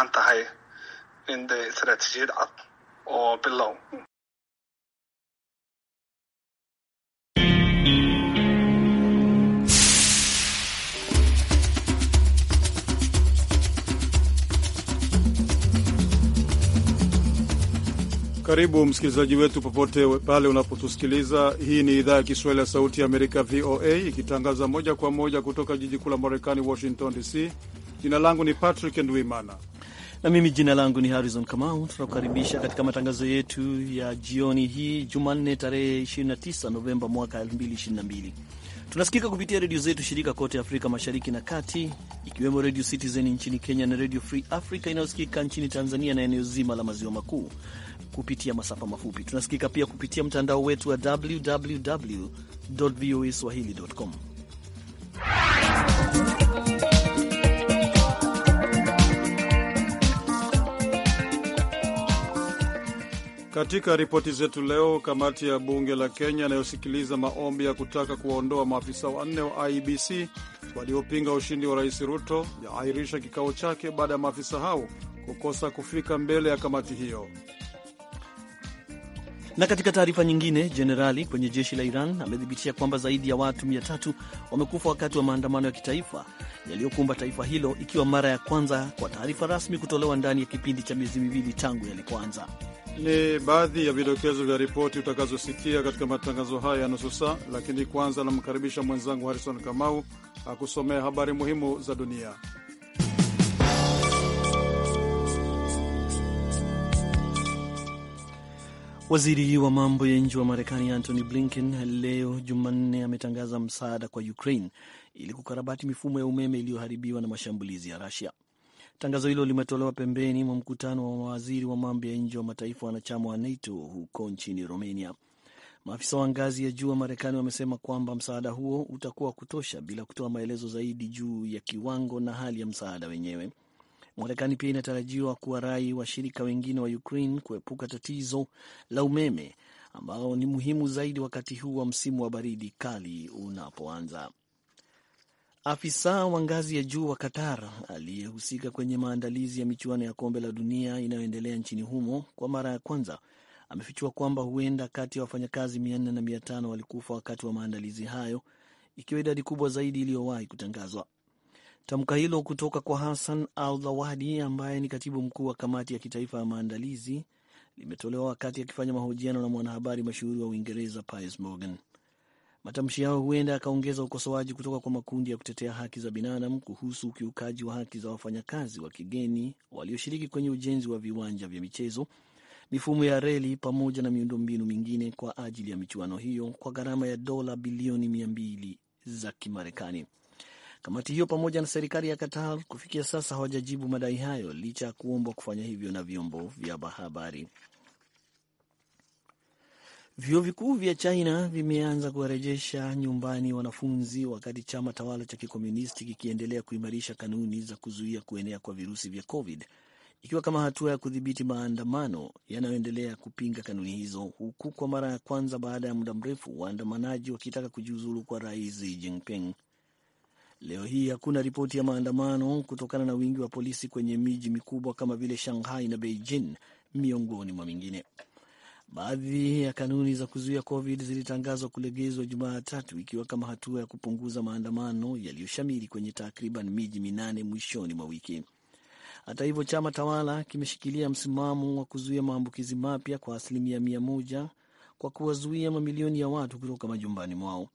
an tahay in de istraatiijiyad cad oo bilow Karibu msikilizaji wetu popote pale unapotusikiliza. Hii ni idhaa ya Kiswahili ya Sauti ya Amerika, VOA, ikitangaza moja kwa moja kutoka jiji kuu la Marekani, Washington DC. Jina langu ni Patrick Ndwimana na mimi jina langu ni Harrison Kamau. Tunakukaribisha katika matangazo yetu ya jioni hii Jumanne tarehe 29 Novemba mwaka 2022. Tunasikika kupitia redio zetu shirika kote Afrika Mashariki na Kati, ikiwemo Radio Citizen nchini Kenya na Radio Free Africa inayosikika nchini Tanzania na eneo zima la maziwa makuu kupitia masafa mafupi. Tunasikika pia kupitia mtandao wetu wa www voa swahili.com. Katika ripoti zetu leo, kamati ya bunge la Kenya inayosikiliza maombi ya kutaka kuwaondoa maafisa wanne wa ibc e waliopinga ushindi wa rais Ruto yaahirisha kikao chake baada ya maafisa hao kukosa kufika mbele ya kamati hiyo. Na katika taarifa nyingine, jenerali kwenye jeshi la Iran amethibitisha kwamba zaidi ya watu mia tatu wamekufa wakati wa maandamano ya kitaifa yaliyokumba taifa hilo, ikiwa mara ya kwanza kwa taarifa rasmi kutolewa ndani ya kipindi cha miezi miwili tangu yalipoanza. Ni baadhi ya vidokezo vya ripoti utakazosikia katika matangazo haya ya nusu saa, lakini kwanza anamkaribisha mwenzangu Harrison Kamau akusomea habari muhimu za dunia. Waziri wa mambo ya nje wa Marekani Antony Blinken leo Jumanne ametangaza msaada kwa Ukraine ili kukarabati mifumo ya umeme iliyoharibiwa na mashambulizi ya Rusia. Tangazo hilo limetolewa pembeni mwa mkutano wa mawaziri wa mambo ya nje wa mataifa wanachama wa NATO huko nchini Romania. Maafisa wa ngazi ya juu wa Marekani wamesema kwamba msaada huo utakuwa wa kutosha bila kutoa maelezo zaidi juu ya kiwango na hali ya msaada wenyewe. Marekani pia inatarajiwa kuwa rai washirika wengine wa Ukraine kuepuka tatizo la umeme ambao ni muhimu zaidi wakati huu wa msimu wa baridi kali unapoanza. Afisa wa ngazi ya juu wa Qatar aliyehusika kwenye maandalizi ya michuano ya kombe la dunia inayoendelea nchini humo kwa mara ya kwanza amefichua kwamba huenda kati ya wafanyakazi mia nne na mia tano walikufa wakati wa maandalizi hayo, ikiwa idadi kubwa zaidi iliyowahi kutangazwa. Tamka hilo kutoka kwa Hassan Al-Dhawadi ambaye ni katibu mkuu wa kamati ya kitaifa ya maandalizi limetolewa wakati akifanya mahojiano na mwanahabari mashuhuri wa Uingereza Piers Morgan. Matamshi yao huenda yakaongeza ukosoaji kutoka kwa makundi ya kutetea haki za binadamu kuhusu ukiukaji wa haki za wafanyakazi wa kigeni walioshiriki kwenye ujenzi wa viwanja vya michezo, mifumo ya reli pamoja na miundombinu mingine kwa ajili ya michuano hiyo kwa gharama ya dola bilioni mia mbili za Kimarekani. Kamati hiyo pamoja na serikali ya Qatar kufikia sasa hawajajibu madai hayo licha ya kuombwa kufanya hivyo na vyombo vya habari. Vyuo vikuu vya China vimeanza kuwarejesha nyumbani wanafunzi wakati chama tawala cha kikomunisti kikiendelea kuimarisha kanuni za kuzuia kuenea kwa virusi vya COVID ikiwa kama hatua ya kudhibiti maandamano yanayoendelea kupinga kanuni hizo, huku kwa mara ya kwanza baada ya muda mrefu waandamanaji wakitaka kujiuzulu kwa Rais Jinping. Leo hii hakuna ripoti ya maandamano kutokana na wingi wa polisi kwenye miji mikubwa kama vile Shanghai na Beijing, miongoni mwa mingine. Baadhi ya kanuni za kuzuia COVID zilitangazwa kulegezwa Jumatatu, ikiwa kama hatua ya kupunguza maandamano yaliyoshamiri kwenye takriban miji minane mwishoni mwa wiki. Hata hivyo, chama tawala kimeshikilia msimamo wa kuzuia maambukizi mapya kwa asilimia mia moja kwa kuwazuia mamilioni ya watu kutoka majumbani mwao.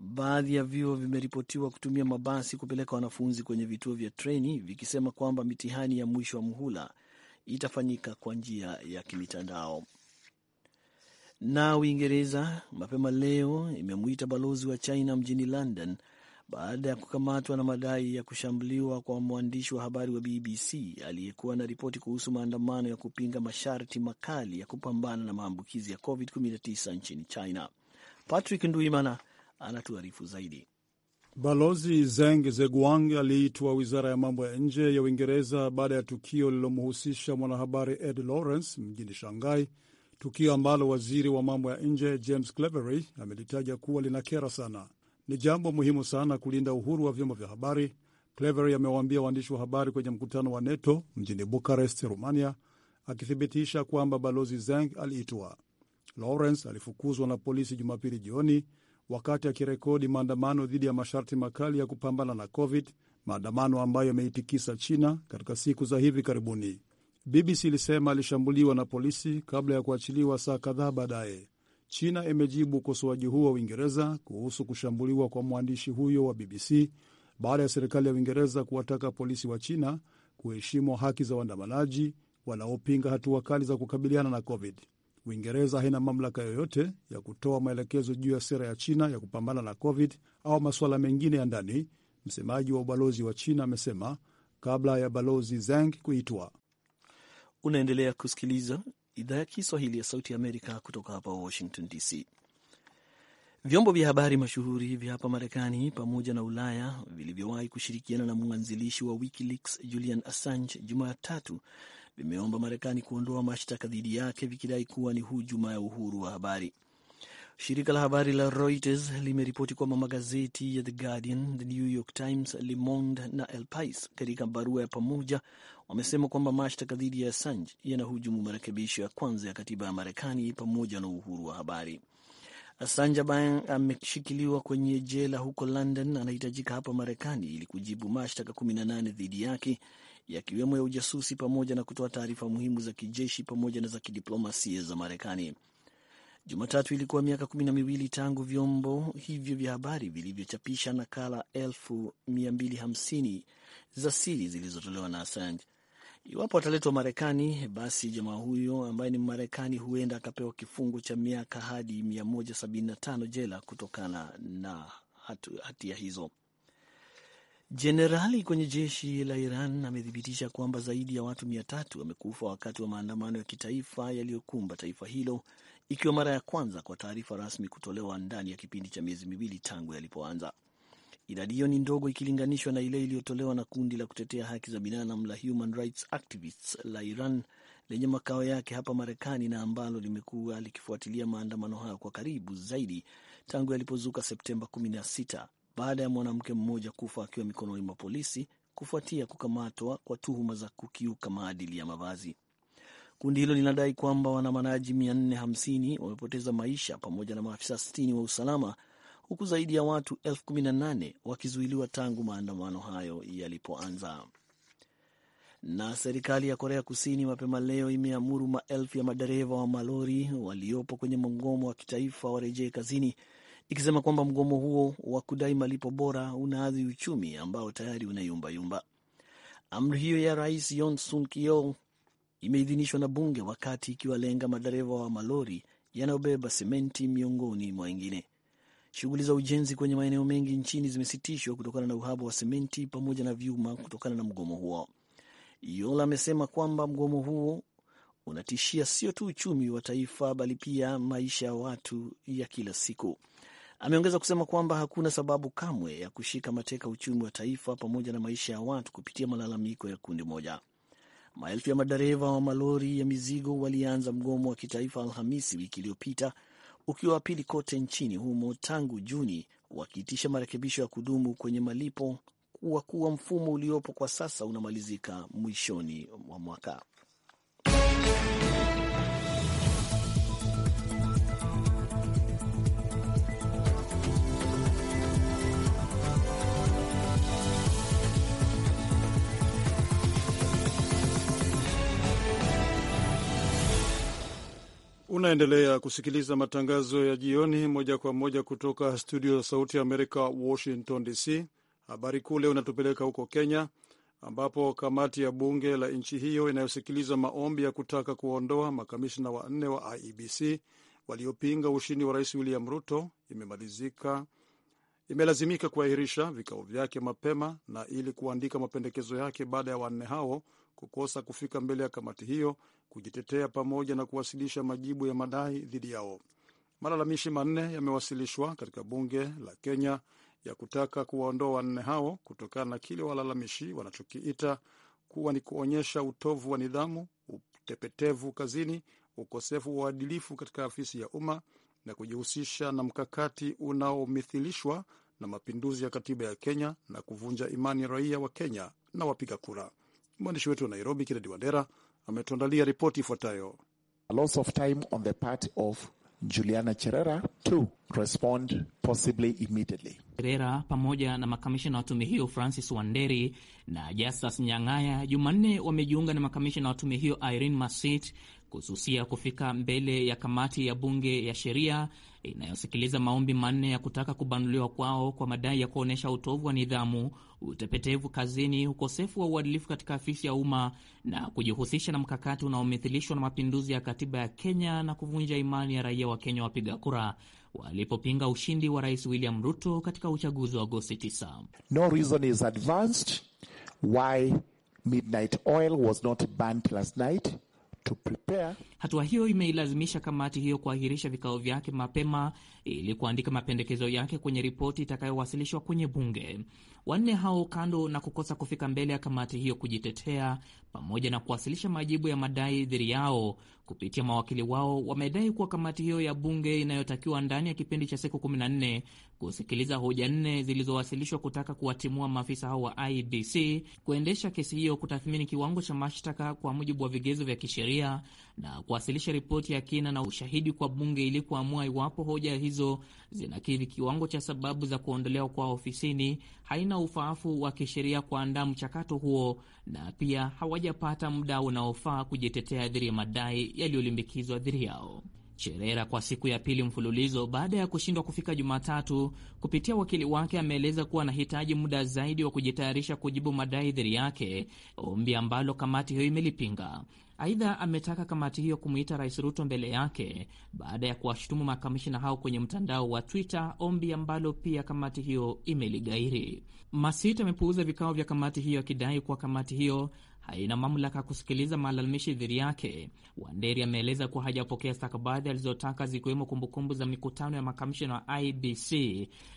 Baadhi ya vyuo vimeripotiwa kutumia mabasi kupeleka wanafunzi kwenye vituo vya treni, vikisema kwamba mitihani ya mwisho wa muhula itafanyika kwa njia ya kimitandao. Na Uingereza mapema leo imemwita balozi wa China mjini London baada ya kukamatwa na madai ya kushambuliwa kwa mwandishi wa habari wa BBC aliyekuwa na ripoti kuhusu maandamano ya kupinga masharti makali ya kupambana na maambukizi ya COVID-19 nchini China. Patrick Nduimana anatuarifu zaidi. Balozi Zeng Zeguang aliitwa wizara ya mambo ya nje ya Uingereza baada ya tukio lililomhusisha mwanahabari Ed Lawrence mjini Shanghai, tukio ambalo waziri wa mambo ya nje James Cleverly amelitaja kuwa linakera sana. Ni jambo muhimu sana kulinda uhuru wa vyombo vya habari, Cleverly amewaambia waandishi wa habari kwenye mkutano wa NATO mjini Bukarest, Rumania, akithibitisha kwamba balozi Zeng aliitwa. Lawrence alifukuzwa na polisi Jumapili jioni wakati akirekodi maandamano dhidi ya masharti makali ya kupambana na COVID, maandamano ambayo yameitikisa China katika siku za hivi karibuni. BBC ilisema alishambuliwa na polisi kabla ya kuachiliwa saa kadhaa baadaye. China imejibu ukosoaji huo wa Uingereza kuhusu kushambuliwa kwa mwandishi huyo wa BBC baada ya serikali ya Uingereza kuwataka polisi wa China kuheshimu haki za waandamanaji wanaopinga hatua kali za kukabiliana na COVID. Uingereza haina mamlaka yoyote ya kutoa maelekezo juu ya sera ya China ya kupambana na COVID au masuala mengine ya ndani, msemaji wa ubalozi wa China amesema kabla ya balozi Zeng kuitwa. Unaendelea kusikiliza idhaa ya Kiswahili ya Sauti ya Amerika kutoka hapa Washington DC. Vyombo vya habari mashuhuri vya hapa Marekani pamoja na Ulaya vilivyowahi kushirikiana na mwanzilishi wa WikiLeaks Julian Assange Jumatatu vimeomba Marekani kuondoa mashtaka dhidi yake vikidai kuwa ni hujuma ya uhuru wa habari. Shirika la habari la Reuters limeripoti kwamba magazeti ya The Guardian, The New York Times, Le Monde na El Pais katika barua ya pamoja wamesema kwamba mashtaka dhidi ya Assange yanahujumu marekebisho ya kwanza ya katiba ya Marekani pamoja na uhuru wa habari. Assange ambaye ameshikiliwa kwenye jela huko London anahitajika hapa Marekani ili kujibu mashtaka 18 dhidi yake yakiwemo ya ujasusi pamoja na kutoa taarifa muhimu za kijeshi pamoja na za kidiplomasia za Marekani. Jumatatu ilikuwa miaka kumi na miwili tangu vyombo hivyo vya habari vilivyochapisha nakala elfu mia mbili hamsini za siri zilizotolewa na Assange. Iwapo ataletwa Marekani, basi jamaa huyo ambaye ni marekani huenda akapewa kifungo cha miaka hadi 175 jela kutokana na hatia hizo. Jenerali kwenye jeshi la Iran amethibitisha kwamba zaidi ya watu mia tatu wamekufa wakati wa maandamano ya kitaifa yaliyokumba taifa hilo, ikiwa mara ya kwanza kwa taarifa rasmi kutolewa ndani ya kipindi cha miezi miwili tangu yalipoanza. Idadi hiyo ni ndogo ikilinganishwa na ile iliyotolewa na kundi la kutetea haki za binadamu la Human Rights Activists la Iran lenye makao yake hapa Marekani na ambalo limekuwa likifuatilia maandamano hayo kwa karibu zaidi tangu yalipozuka Septemba baada ya mwanamke mmoja kufa akiwa mikononi mwa polisi kufuatia kukamatwa kwa tuhuma za kukiuka maadili ya mavazi. Kundi hilo linadai kwamba waandamanaji 450 wamepoteza maisha pamoja na maafisa 60 wa usalama huku zaidi ya watu 18 wakizuiliwa tangu maandamano hayo yalipoanza. Na serikali ya Korea Kusini mapema leo imeamuru maelfu ya madereva wa malori waliopo kwenye mgomo wa kitaifa warejee kazini ikisema kwamba mgomo huo wa kudai malipo bora unaadhi uchumi ambao tayari unayumbayumba. Amri hiyo ya Rais Yoon Suk Yeol imeidhinishwa na bunge wakati ikiwalenga madereva wa malori yanayobeba sementi miongoni mwa wengine. Shughuli za ujenzi kwenye maeneo mengi nchini zimesitishwa kutokana na uhaba wa sementi pamoja na vyuma kutokana na mgomo huo. Yola amesema kwamba mgomo huo unatishia sio tu uchumi wa taifa bali pia maisha ya watu ya kila siku. Ameongeza kusema kwamba hakuna sababu kamwe ya kushika mateka uchumi wa taifa pamoja na maisha ya watu kupitia malalamiko ya kundi moja. Maelfu ya madereva wa malori ya mizigo walianza mgomo wa kitaifa Alhamisi wiki iliyopita, ukiwa wa pili kote nchini humo tangu Juni, wakiitisha marekebisho ya kudumu kwenye malipo kuwa kuwa mfumo uliopo kwa sasa unamalizika mwishoni mwa mwaka. Unaendelea kusikiliza matangazo ya jioni moja kwa moja kutoka studio za Sauti ya Amerika, Washington DC. Habari kuu leo inatupeleka huko Kenya, ambapo kamati ya bunge la nchi hiyo inayosikiliza maombi ya kutaka kuondoa makamishina wanne wa IEBC waliopinga ushindi wa Rais William Ruto imemalizika imelazimika kuahirisha vikao vyake mapema na ili kuandika mapendekezo yake baada ya wanne hao kukosa kufika mbele ya kamati hiyo kujitetea pamoja na kuwasilisha majibu ya madai dhidi yao. Malalamishi manne yamewasilishwa katika bunge la Kenya ya kutaka kuwaondoa wanne hao kutokana na kile walalamishi wanachokiita kuwa ni kuonyesha utovu wa nidhamu, utepetevu kazini, ukosefu wa uadilifu katika afisi ya umma na kujihusisha na mkakati unaomithilishwa na mapinduzi ya katiba ya Kenya na kuvunja imani raia wa Kenya na wapiga kura. Mwandishi wetu wa Nairobi, Kennedy Wandera, ametuandalia ripoti ifuatayo. loss of time on the part of Juliana Cherera to respond possibly immediately. Cherera pamoja na makamishina wa tume hiyo Francis Wanderi na Justus Nyang'aya Jumanne wamejiunga na makamishina wa tume hiyo Irene Masit kususia kufika mbele ya kamati ya bunge ya sheria inayosikiliza maombi manne ya kutaka kubanuliwa kwao kwa madai ya kuonyesha utovu wa nidhamu, utepetevu kazini, ukosefu wa uadilifu katika afisi ya umma na kujihusisha na mkakati unaomithilishwa na mapinduzi ya katiba ya Kenya na kuvunja imani ya raia wa Kenya wapiga kura walipopinga ushindi wa Rais William Ruto katika uchaguzi wa Agosti 9. No reason is advanced why midnight oil was not banned last night. to prepare Hatua hiyo imeilazimisha kamati hiyo kuahirisha vikao vyake mapema ili kuandika mapendekezo yake kwenye ripoti itakayowasilishwa kwenye bunge. Wanne hao, kando na kukosa kufika mbele ya kamati hiyo kujitetea, pamoja na kuwasilisha majibu ya madai dhidi yao kupitia mawakili wao, wamedai kuwa kamati hiyo ya bunge inayotakiwa ndani ya kipindi cha siku 14 kusikiliza hoja nne zilizowasilishwa kutaka kuwatimua maafisa hao wa IBC, kuendesha kesi hiyo, kutathmini kiwango cha mashtaka kwa mujibu wa vigezo vya kisheria na kuwasilisha ripoti ya kina na ushahidi kwa bunge ili kuamua iwapo hoja hizo zinakidhi kiwango cha sababu za kuondolewa kwa ofisini, haina ufaafu wa kisheria kuandaa mchakato huo, na pia hawajapata muda unaofaa kujitetea dhidi ya madai yaliyolimbikizwa dhidi yao. Cherera kwa siku ya pili mfululizo baada ya kushindwa kufika Jumatatu, kupitia wakili wake ameeleza kuwa anahitaji muda zaidi wa kujitayarisha kujibu madai dhidi yake, ombi ambalo kamati hiyo imelipinga. Aidha, ametaka kamati hiyo kumwita Rais Ruto mbele yake baada ya kuwashutumu makamishina hao kwenye mtandao wa Twitter, ombi ambalo pia kamati hiyo imeligairi. Masita amepuuza vikao vya kamati hiyo akidai kuwa kamati hiyo haina mamlaka kusikiliza malalamishi dhidi yake. Wanderi ameeleza kuwa hajapokea stakabadhi alizotaka zikiwemo kumbukumbu za mikutano ya makamishina wa IBC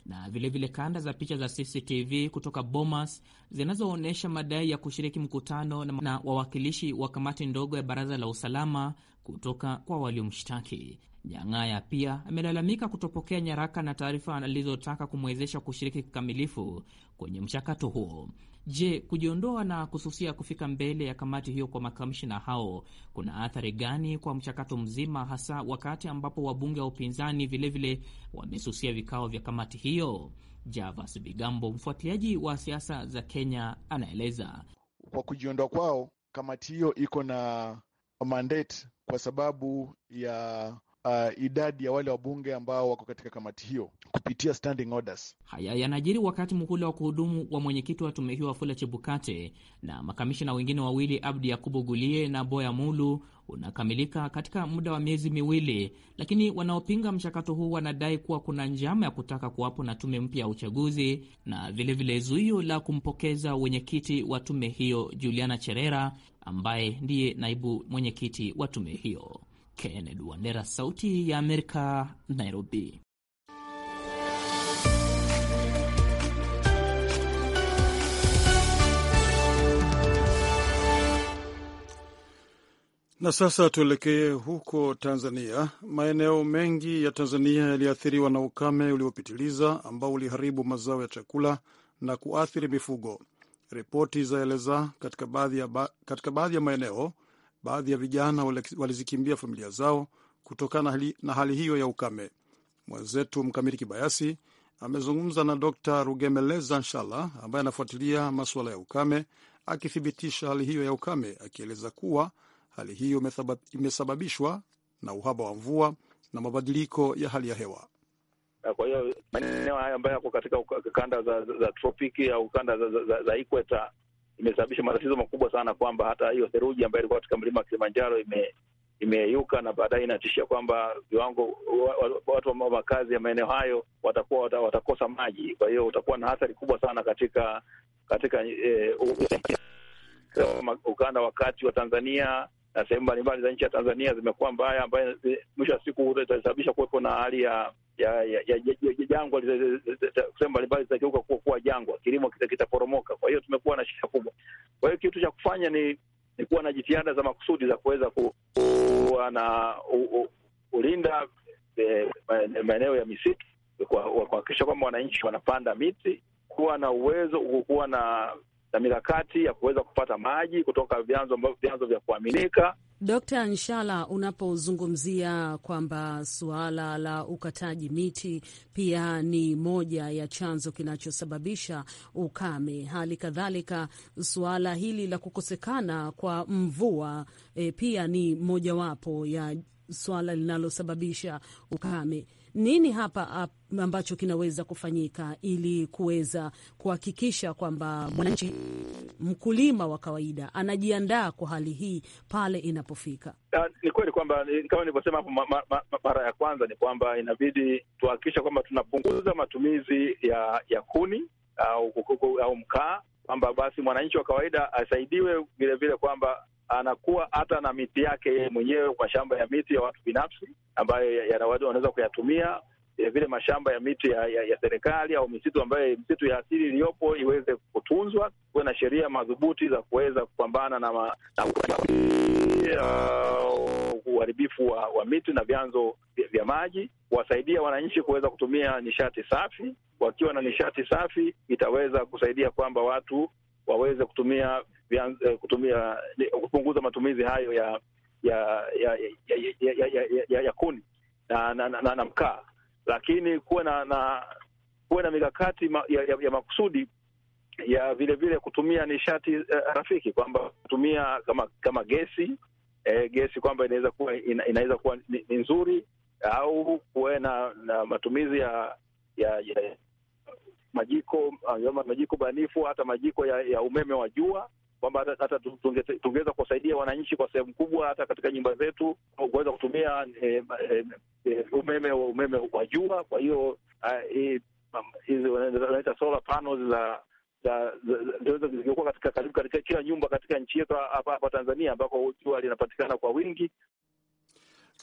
na vilevile vile kanda za picha za CCTV kutoka Bomas zinazoonyesha madai ya kushiriki mkutano na wawakilishi wa kamati ndogo ya baraza la usalama kutoka kwa waliomshtaki. Nyang'aya pia amelalamika kutopokea nyaraka na taarifa alizotaka kumwezesha kushiriki kikamilifu kwenye mchakato huo. Je, kujiondoa na kususia kufika mbele ya kamati hiyo kwa makamishina hao kuna athari gani kwa mchakato mzima, hasa wakati ambapo wabunge wa upinzani vilevile wamesusia vikao vya kamati hiyo? Javas Bigambo, mfuatiliaji wa siasa za Kenya, anaeleza. Kwa kujiondoa kwao, kamati hiyo iko na mandate kwa sababu ya uh, idadi ya wale wabunge ambao wako katika kamati hiyo kupitia standing orders. Haya yanajiri wakati muhula wa kuhudumu wa mwenyekiti wa tume hiyo Wafula Chebukate na makamishina wengine wawili Abdi Yakubu Gulie na Boya Mulu unakamilika katika muda wa miezi miwili, lakini wanaopinga mchakato huu wanadai kuwa kuna njama ya kutaka kuwapo na tume mpya ya uchaguzi na vilevile zuio la kumpokeza wenyekiti wa tume hiyo Juliana Cherera ambaye ndiye naibu mwenyekiti wa tume hiyo. Kennedy Wandera, Sauti ya Amerika, Nairobi. Na sasa tuelekee huko Tanzania. Maeneo mengi ya Tanzania yaliathiriwa na ukame uliopitiliza ambao uliharibu mazao ya chakula na kuathiri mifugo. Ripoti zaeleza katika baadhi ya, ba, katika baadhi ya maeneo Baadhi ya vijana walizikimbia familia zao kutokana na hali hiyo ya ukame. Mwenzetu mkamiri Kibayasi amezungumza na Dr Rugemeleza Nshala ambaye anafuatilia masuala ya ukame, akithibitisha hali hiyo ya ukame, akieleza kuwa hali hiyo imesababishwa na uhaba wa mvua na mabadiliko ya hali ya hewa. Kwa hiyo maeneo haya ambayo yako katika kanda za, za, za tropiki au kanda za, za, za, za ikweta imesababisha matatizo makubwa sana, kwamba hata hiyo theruji ambayo ilikuwa katika mlima wa Kilimanjaro ime imeyuka na baadaye inatishia kwamba viwango watu wa makazi ya maeneo hayo watakuwa wata, watakosa maji. Kwa hiyo utakuwa na athari kubwa sana katika katika eh, ukanda wa kati wa Tanzania na sehemu mbalimbali za nchi ya Tanzania zimekuwa mbaya, ambayo mwisho wa siku itasababisha kuwepo na hali ya ya, jangwa. Sehemu mbalimbali zitageuka kuwa jangwa, kilimo kitaporomoka. Kwa hiyo tumekuwa na shida kubwa. Kwa hiyo kitu cha kufanya ni ni kuwa na jitihada za makusudi za kuweza kuwa na kulinda e, maeneo ya misitu, kuhakikisha kwamba wananchi wanapanda miti, kuwa na uwezo kuwa na na mikakati ya kuweza kupata maji kutoka vyanzo ambavyo vyanzo vya kuaminika. d Nshala, unapozungumzia kwamba suala la ukataji miti pia ni moja ya chanzo kinachosababisha ukame, hali kadhalika suala hili la kukosekana kwa mvua e, pia ni mojawapo ya suala linalosababisha ukame nini hapa ambacho kinaweza kufanyika ili kuweza kuhakikisha kwamba mwananchi mkulima wa kawaida anajiandaa kwa hali hii pale inapofika? Ah, ni kweli kwamba kama nilivyosema hapo mara ma, ma, ya kwanza ni kwamba inabidi tuhakikisha kwamba tunapunguza matumizi ya, ya kuni au, au mkaa kwamba basi mwananchi wa kawaida asaidiwe vilevile kwamba anakuwa hata na miti yake yeye mwenyewe kwa shamba ya miti ya watu binafsi ambayo yanaweza wanaweza kuyatumia vilevile eh, mashamba ya miti ya, ya, ya serikali au misitu ambayo misitu ya asili iliyopo iweze kutunzwa, kuwe na sheria madhubuti za kuweza kupambana na uh, uharibifu wa, wa miti na vyanzo vya maji, kuwasaidia wananchi kuweza kutumia nishati safi. Wakiwa na nishati safi, itaweza kusaidia kwamba watu waweze kutumia kutumia kupunguza matumizi hayo ya ya ya ya, ya, ya, ya, ya, ya kuni na, na, na, na mkaa, lakini kuwe na, na kuwe na mikakati ma, ya, ya, ya makusudi ya vile vile kutumia nishati uh, rafiki kwamba kutumia kama kama gesi eh, gesi kwamba inaweza kuwa ina, inaweza kuwa ni, nzuri au kuwe na, na matumizi ya, ya, ya majiko majiko banifu hata majiko ya, ya umeme wa jua kwamba hata tungeweza kuwasaidia wananchi kwa sehemu kubwa, hata katika nyumba zetu kuweza kutumia e, e, umeme umeme wa jua. Kwa hiyo ah, um, hizi wanaita solar panels za zingekuwa katika karibu katika kila nyumba katika nchi yetu hapa hapa Tanzania ambako jua linapatikana kwa wingi.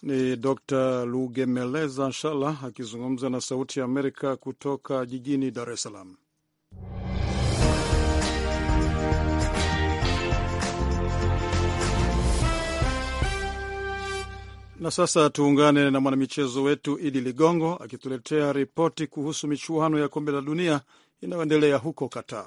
Ni Dr. Lugemeleza Nshala akizungumza na Sauti ya Amerika kutoka jijini Dar es Salaam. Na sasa tuungane na mwanamichezo wetu Idi Ligongo akituletea ripoti kuhusu michuano ya kombe la dunia inayoendelea huko Qatar.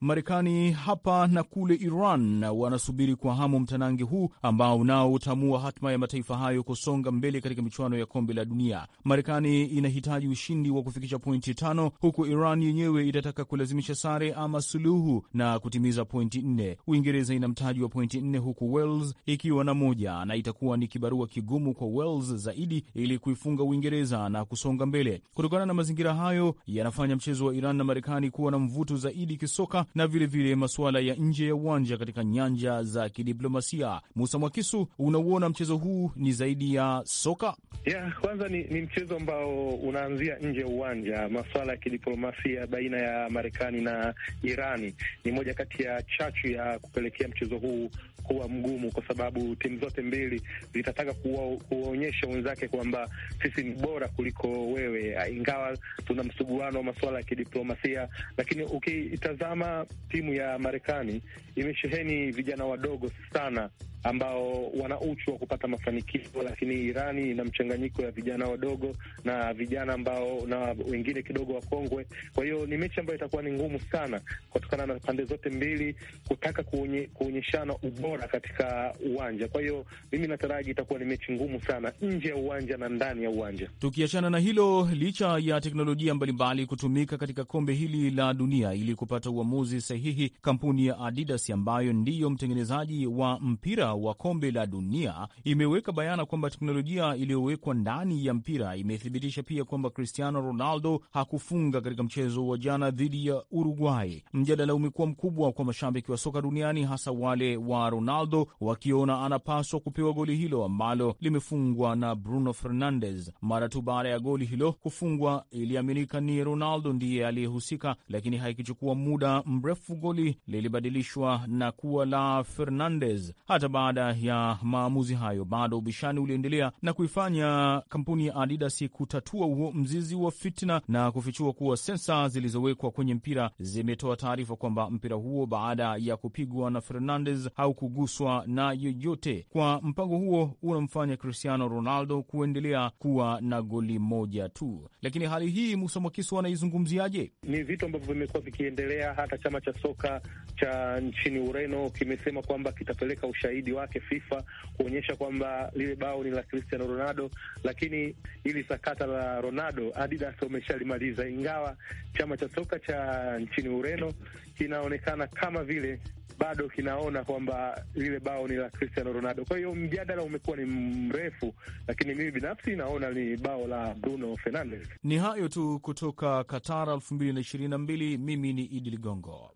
Marekani hapa na kule Iran wanasubiri kwa hamu mtanange huu ambao nao utamua hatma ya mataifa hayo kusonga mbele katika michuano ya kombe la dunia. Marekani inahitaji ushindi wa kufikisha pointi tano huku Iran yenyewe itataka kulazimisha sare ama suluhu na kutimiza pointi nne. Uingereza ina mtaji wa pointi nne huku Wales ikiwa na moja, na itakuwa ni kibarua kigumu kwa Wales zaidi ili kuifunga Uingereza na kusonga mbele. Kutokana na mazingira hayo, yanafanya mchezo wa Iran na Marekani kuwa na mvuto zaidi kisoka na vilevile masuala ya nje ya uwanja katika nyanja za kidiplomasia. Musa Mwakisu, unauona mchezo huu ni zaidi ya soka? Yeah, kwanza ni, ni mchezo ambao unaanzia nje ya uwanja. Masuala ya kidiplomasia baina ya Marekani na Irani ni moja kati ya chachu ya kupelekea mchezo huu kuwa mgumu, kwa sababu timu zote mbili zitataka kuwaonyesha wenzake kwamba sisi ni bora kuliko wewe, ingawa tuna msuguano wa masuala ya kidiplomasia, lakini ukitazama timu ya Marekani imesheheni vijana wadogo sana ambao wana uchu wa kupata mafanikio, lakini Irani ina mchanganyiko ya vijana wadogo na vijana ambao na wengine kidogo wakongwe. Kwa hiyo ni mechi ambayo itakuwa ni ngumu sana, kutokana na pande zote mbili kutaka kuonyeshana ubora katika uwanja. Kwa hiyo mimi nataraji itakuwa ni mechi ngumu sana nje ya uwanja na ndani ya uwanja. Tukiachana na hilo, licha ya teknolojia mbalimbali kutumika katika kombe hili la dunia ili kupata uamuzi uamuzi sahihi kampuni ya Adidas ambayo ndiyo mtengenezaji wa mpira wa kombe la dunia imeweka bayana kwamba teknolojia iliyowekwa ndani ya mpira imethibitisha pia kwamba Cristiano Ronaldo hakufunga katika mchezo wa jana dhidi ya Uruguay. Mjadala umekuwa mkubwa kwa mashabiki wa soka duniani, hasa wale wa Ronaldo wakiona anapaswa kupewa goli hilo ambalo limefungwa na Bruno Fernandes. Mara tu baada ya goli hilo kufungwa, iliaminika ni Ronaldo ndiye aliyehusika, lakini haikichukua muda mrefu goli lilibadilishwa na kuwa la Fernandez. Hata baada ya maamuzi hayo, bado ubishani uliendelea na kuifanya kampuni ya Adidas kutatua huo mzizi wa fitna na kufichua kuwa sensa zilizowekwa kwenye mpira zimetoa taarifa kwamba mpira huo baada ya kupigwa na Fernandez haukuguswa na yoyote. Kwa mpango huo unamfanya Cristiano Ronaldo kuendelea kuwa na goli moja tu. Lakini hali hii Musa Mwakiso anaizungumziaje? Ni vitu ambavyo vimekuwa vikiendelea hata chama cha soka cha nchini Ureno kimesema kwamba kitapeleka ushahidi wake FIFA kuonyesha kwamba lile bao ni la Cristiano Ronaldo, lakini hili sakata la Ronaldo Adidas wameshalimaliza, ingawa chama cha soka cha nchini Ureno kinaonekana kama vile bado kinaona kwamba lile bao ni la Cristiano Ronaldo. Kwa hiyo mjadala umekuwa ni mrefu, lakini mimi binafsi naona ni bao la Bruno Fernandes. Ni hayo tu kutoka Qatar 2022. Mimi ni Idi Ligongo.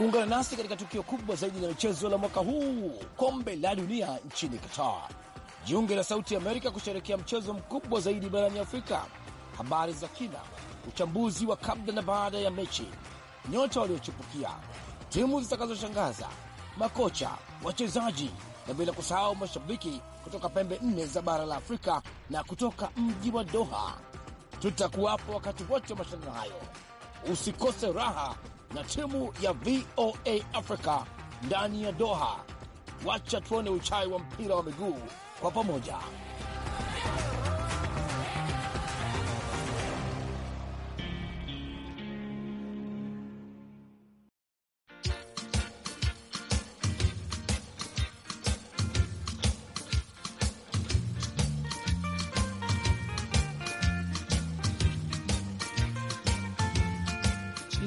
Ungana nasi katika tukio kubwa zaidi la michezo la mwaka huu, kombe la dunia nchini Qatar. Jiunge na Sauti Amerika kusherekea mchezo mkubwa zaidi barani Afrika. Habari za kina, uchambuzi wa kabla na baada ya mechi, nyota waliochipukia, timu zitakazoshangaza, makocha, wachezaji na bila kusahau mashabiki kutoka pembe nne za bara la Afrika na kutoka mji wa Doha. Tutakuwapo wakati wote wa mashindano hayo. Usikose raha na timu ya VOA Africa ndani ya Doha. Wacha tuone uchai wa mpira wa miguu kwa pamoja.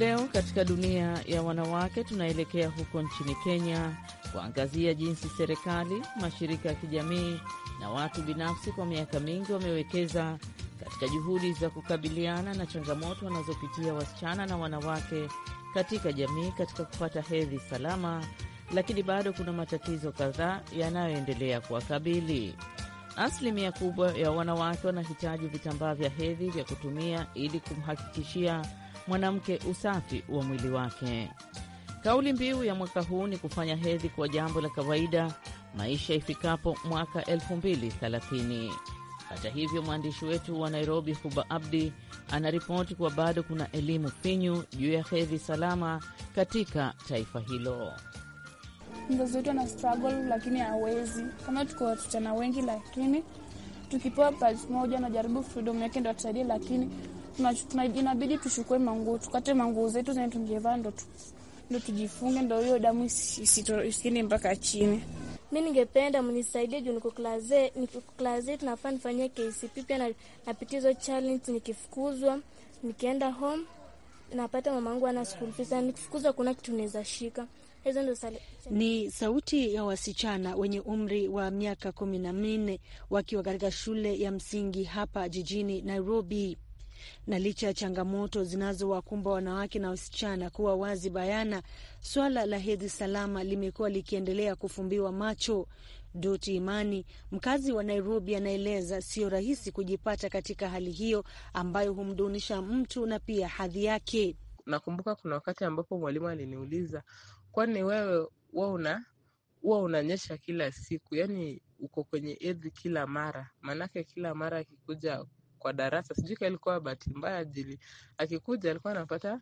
leo katika dunia ya wanawake, tunaelekea huko nchini Kenya kuangazia jinsi serikali, mashirika ya kijamii na watu binafsi kwa miaka mingi wamewekeza katika juhudi za kukabiliana na changamoto wanazopitia wasichana na wanawake katika jamii katika kupata hedhi salama, lakini bado kuna matatizo kadhaa yanayoendelea kuwakabili. Asilimia kubwa ya wanawake wanahitaji vitambaa vya hedhi vya kutumia ili kumhakikishia mwanamke usafi wa mwili wake. Kauli mbiu ya mwaka huu ni kufanya hedhi kuwa jambo la kawaida maisha ifikapo mwaka 2030. Hata hivyo, mwandishi wetu wa Nairobi Huba Abdi anaripoti kuwa bado kuna elimu finyu juu ya hedhi salama katika taifa hilo. Mzazi wetu ana struggle lakini hawezi, kama tuko wasichana wengi, lakini tukipewa pamoja, anajaribu freedom yake ndo atusaidie, lakini inabidi tushukue manguo, tukate manguo zetu zenye tungevaa ndo ndo tujifunge, ndo hiyo damu isiende mpaka chini. Mi ningependa mnisaidie juu niko klaze, niko klaze, tunafaa nifanyie KCP pia, napitia hizo challenge. Nikifukuzwa nikienda home napata mamangu ana school fees, nikifukuzwa kuna kitu naweza shika. Hizo ndo ni sauti ya wasichana wenye umri wa miaka kumi na minne wakiwa katika shule ya msingi hapa jijini Nairobi. Na licha ya changamoto zinazowakumba wanawake na wasichana kuwa wazi bayana, swala la hedhi salama limekuwa likiendelea kufumbiwa macho. Doti Imani, mkazi wa Nairobi, anaeleza sio rahisi kujipata katika hali hiyo ambayo humdunisha mtu na pia hadhi yake. Nakumbuka kuna wakati ambapo mwalimu aliniuliza, kwani wewe huwa una huwa unanyesha kila siku, yaani uko kwenye hedhi kila mara? Maanake kila mara akikuja kwa darasa, sijui ka ilikuwa bahati mbaya ajili akikuja alikuwa anapata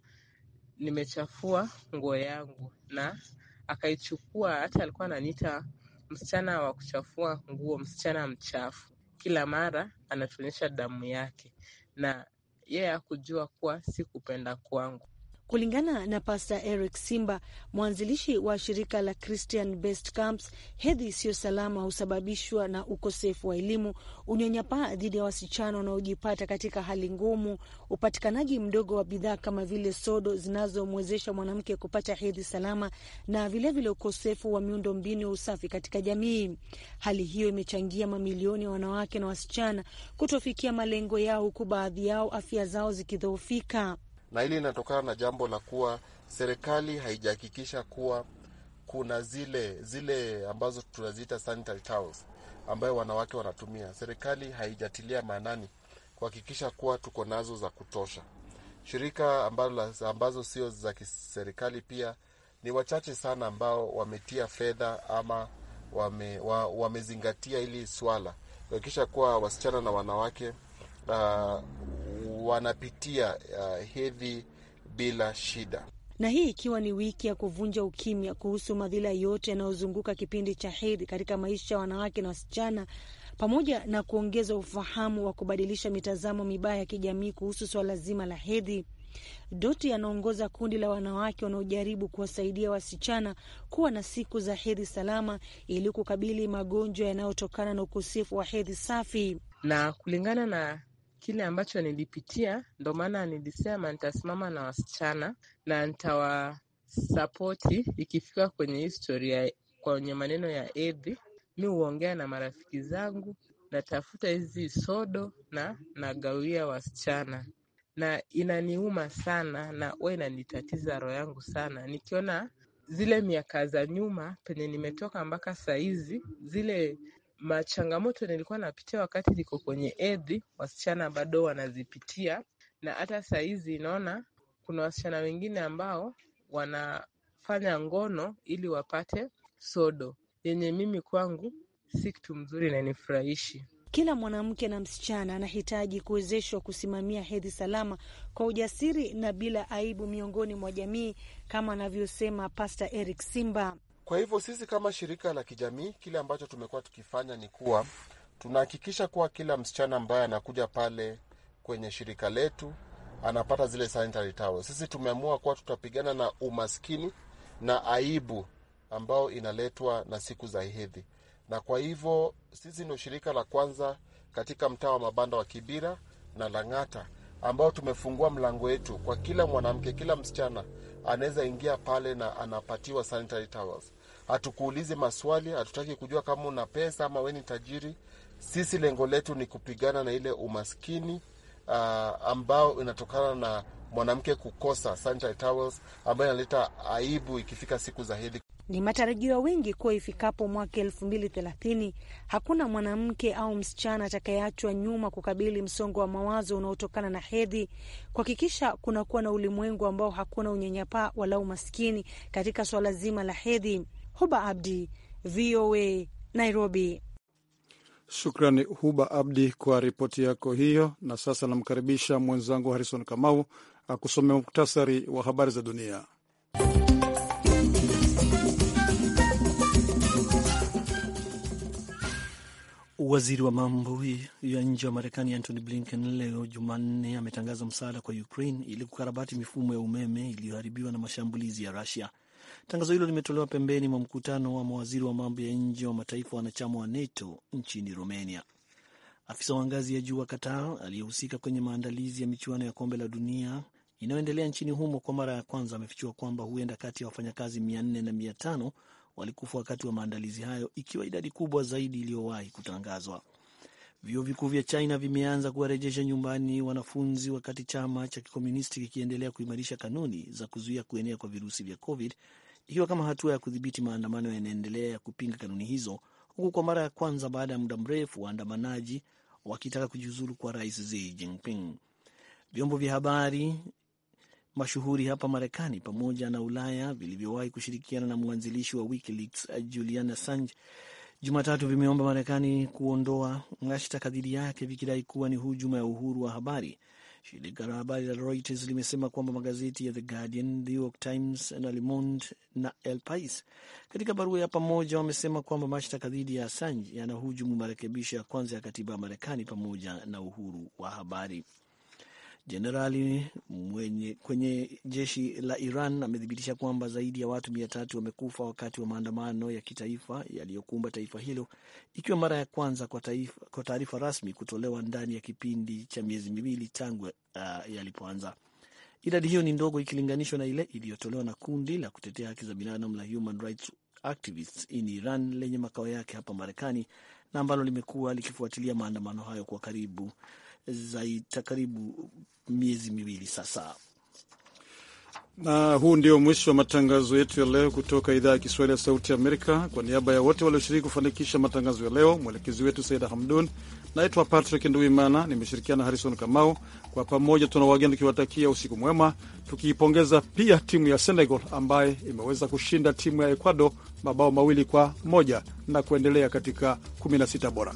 nimechafua nguo yangu, na akaichukua. Hata alikuwa ananiita msichana wa kuchafua nguo, msichana mchafu. Kila mara anatuonyesha damu yake, na yeye hakujua kuwa si kupenda kwangu. Kulingana na Pastor Eric Simba, mwanzilishi wa shirika la Christian Best Camps, hedhi isiyo salama husababishwa na ukosefu wa elimu, unyanyapaa dhidi ya wasichana wanaojipata katika hali ngumu, upatikanaji mdogo wa bidhaa kama vile sodo zinazomwezesha mwanamke kupata hedhi salama, na vilevile vile ukosefu wa miundo mbinu ya usafi katika jamii. Hali hiyo imechangia mamilioni ya wanawake na wasichana kutofikia malengo yao, huku baadhi yao afya zao zikidhoofika na hili linatokana na jambo la kuwa serikali haijahakikisha kuwa kuna zile zile ambazo tunaziita sanitary towels ambayo wanawake wanatumia. Serikali haijatilia maanani kuhakikisha kuwa tuko nazo za kutosha. Shirika ambazo, ambazo sio za kiserikali pia ni wachache sana ambao wametia fedha ama wame, wa, wamezingatia hili swala kuhakikisha kuwa wasichana na wanawake uh, wanapitia uh, hedhi bila shida na hii ikiwa ni wiki ya kuvunja ukimya kuhusu madhila yote yanayozunguka kipindi cha hedhi katika maisha ya wanawake na wasichana, pamoja na kuongeza ufahamu wa kubadilisha mitazamo mibaya ya kijamii kuhusu swala zima la hedhi. Doti anaongoza kundi la wanawake wanaojaribu kuwasaidia wasichana kuwa na siku za hedhi salama ili kukabili magonjwa yanayotokana na ukosefu wa hedhi safi. Na kulingana na kile ambacho nilipitia, ndo maana nilisema nitasimama na wasichana na nitawasapoti. Ikifika kwenye historia, kwenye maneno ya edhi. mi huongea na marafiki zangu, natafuta hizi sodo na nagawia wasichana, na inaniuma sana na we inanitatiza roho yangu sana, nikiona zile miaka za nyuma penye nimetoka mpaka sahizi, zile machangamoto nilikuwa napitia wakati niko kwenye edhi wasichana bado wanazipitia, na hata sahizi naona kuna wasichana wengine ambao wanafanya ngono ili wapate sodo, yenye mimi kwangu si kitu mzuri na nifurahishi. Kila mwanamke na msichana anahitaji kuwezeshwa kusimamia hedhi salama kwa ujasiri na bila aibu miongoni mwa jamii, kama anavyosema Pasta Eric Simba. Kwa hivyo sisi kama shirika la kijamii, kile ambacho tumekuwa tukifanya ni kuwa tunahakikisha kuwa kila msichana ambaye anakuja pale kwenye shirika letu anapata zile sanitary towels. Sisi tumeamua kuwa tutapigana na umaskini na aibu ambao inaletwa na siku za hedhi, na kwa hivyo sisi ndio shirika la kwanza katika mtaa wa mabanda wa Kibira na Lang'ata ambao tumefungua mlango wetu kwa kila mwanamke, kila msichana anaweza ingia pale na anapatiwa sanitary towels hatukuulize maswali, hatutaki kujua kama una pesa ama we ni tajiri. Sisi lengo letu ni kupigana na ile umaskini uh, ambao inatokana na mwanamke kukosa sanitary towels ambayo inaleta aibu ikifika siku za hedhi. Ni matarajio wengi kuwa ifikapo mwaka elfu mbili thelathini hakuna mwanamke au msichana atakayeachwa nyuma kukabili msongo wa mawazo unaotokana na hedhi, kuhakikisha kunakuwa na ulimwengu ambao hakuna unyanyapaa wala umaskini katika swala zima la hedhi. Huba Abdi, VOA Nairobi. Shukrani Huba Abdi kwa ripoti yako hiyo. Na sasa namkaribisha mwenzangu Harrison Kamau akusomea muktasari wa habari za dunia. Waziri wa mambo ya nje wa Marekani Antony Blinken leo Jumanne ametangaza msaada kwa Ukraine ili kukarabati mifumo ya umeme iliyoharibiwa na mashambulizi ya Rusia. Tangazo hilo limetolewa pembeni mwa mkutano wa mawaziri wa mambo ya nje wa mataifa wanachama wa NATO nchini Romania. Afisa wa ngazi ya juu wa Qatar aliyehusika kwenye maandalizi ya michuano ya kombe la dunia inayoendelea nchini humo kwa mara ya kwanza amefichua kwamba huenda kati ya wafanyakazi mia nne na mia tano walikufa wakati wa maandalizi hayo, ikiwa idadi kubwa zaidi iliyowahi kutangazwa. Vyuo vikuu vya China vimeanza kuwarejesha nyumbani wanafunzi wakati chama cha kikomunisti kikiendelea kuimarisha kanuni za kuzuia kuenea kwa virusi vya COVID ikiwa kama hatua ya kudhibiti maandamano yanaendelea ya kupinga kanuni hizo, huku kwa mara ya kwanza baada ya muda mrefu waandamanaji wakitaka kujiuzulu kwa rais Xi Jinping. Vyombo vya habari mashuhuri hapa Marekani pamoja na Ulaya vilivyowahi kushirikiana na mwanzilishi wa WikiLeaks Julian Assange Jumatatu vimeomba Marekani kuondoa mashtaka dhidi yake vikidai kuwa ni hujuma ya uhuru wa habari Shirika la habari la Reuters limesema kwamba magazeti ya The Guardian, The York Times na Le Monde na El Pais katika barua ya pamoja wamesema kwamba mashtaka dhidi ya Assange yanahujumu marekebisho ya kwanza ya katiba ya Marekani pamoja na uhuru wa habari. Jenerali mwenye kwenye jeshi la Iran amethibitisha kwamba zaidi ya watu mia tatu wamekufa wakati wa maandamano ya kitaifa yaliyokumba taifa hilo, ikiwa mara ya kwanza kwa taarifa rasmi kutolewa ndani ya kipindi cha miezi miwili tangu uh, yalipoanza. Idadi hiyo ni ndogo ikilinganishwa na ile iliyotolewa na kundi la kutetea haki za binadamu la Human Rights Activists in Iran lenye makao yake hapa Marekani na ambalo limekuwa likifuatilia maandamano hayo kwa karibu za takaribu miezi miwili sasa. Na huu ndio mwisho wa matangazo yetu ya leo kutoka idhaa ya Kiswahili ya Sauti Amerika. Kwa niaba ya wote walioshiriki kufanikisha matangazo ya leo, mwelekezi wetu Saida Hamdun, naitwa Patrick Nduimana, nimeshirikiana Harrison Kamau. Kwa pamoja tuna wageni tukiwatakia usiku mwema, tukiipongeza pia timu ya Senegal ambaye imeweza kushinda timu ya Ecuador mabao mawili kwa moja na kuendelea katika 16 bora.